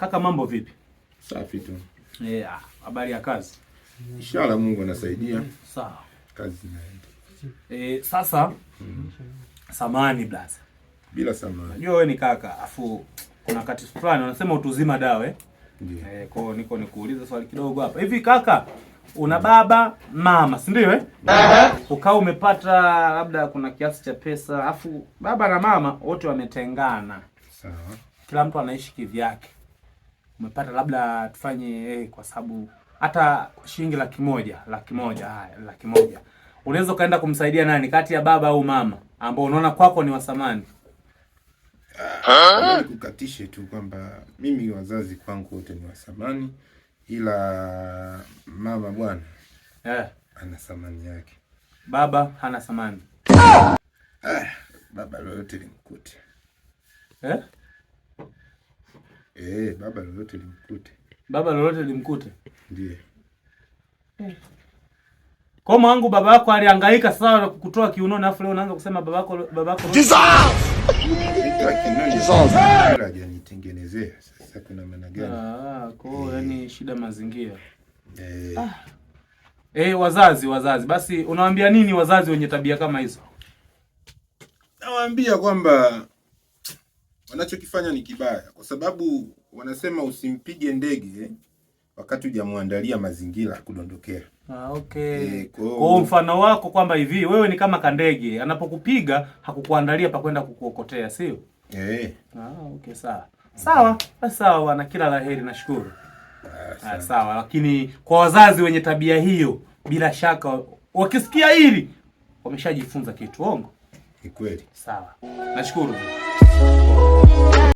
Kaka, mambo vipi? Safi tu. Yeah, habari ya kazi? Inshallah, Mungu anasaidia. Mm, sawa. Kazi inaenda. Eh, sasa mm Samani blaza. Bila samani. Unajua wewe ni kaka, afu kuna wakati fulani wanasema utuzima dawe. Ndiyo. Eh, eh kwao niko nikuuliza swali kidogo hapa. Hivi kaka, una baba mama, si ndio eh? Ukao umepata labda kuna kiasi cha pesa, afu baba na mama wote wametengana. Sawa. Kila mtu anaishi kivyake umepata labda tufanye eh, kwa sababu hata shilingi laki moja laki moja haya laki moja unaweza ukaenda kumsaidia nani kati ya baba au mama ambao unaona kwako ni wasamani? Ah, kukatishe tu kwamba mimi wazazi kwangu wote ni wasamani, ila mama bwana eh, ana samani yake, baba hana samani. Ah, baba lolote limkute eh? Eh, baba lolote limkute. Baba lolote limkute. Ndiye. Eh. Kwa mwangu baba yako alihangaika na kukutoa kiunoni afu leo unaanza kusema baba yako baba yako. Hajanitengenezea. Sasa kuna maana gani? Ah, kwa hiyo eh. yani shida mazingira. Eh. Ah. Eh, wazazi wazazi, basi unawaambia nini wazazi wenye tabia kama hizo? Nawaambia kwamba Wanachokifanya ni kibaya, kwa sababu wanasema usimpige ndege wakati hujamwandalia mazingira ya kudondokea. Ah, okay. E, kwa mfano wako kwamba hivi wewe ni kama kandege, anapokupiga hakukuandalia pa kwenda kukuokotea, sio? Eh. Ah, okay, sawa. Sawa, basi sawa bwana, kila laheri nashukuru. Ah, sawa, lakini kwa wazazi wenye tabia hiyo bila shaka wakisikia hili wameshajifunza kitu ongo. i kweli Mais nashukuru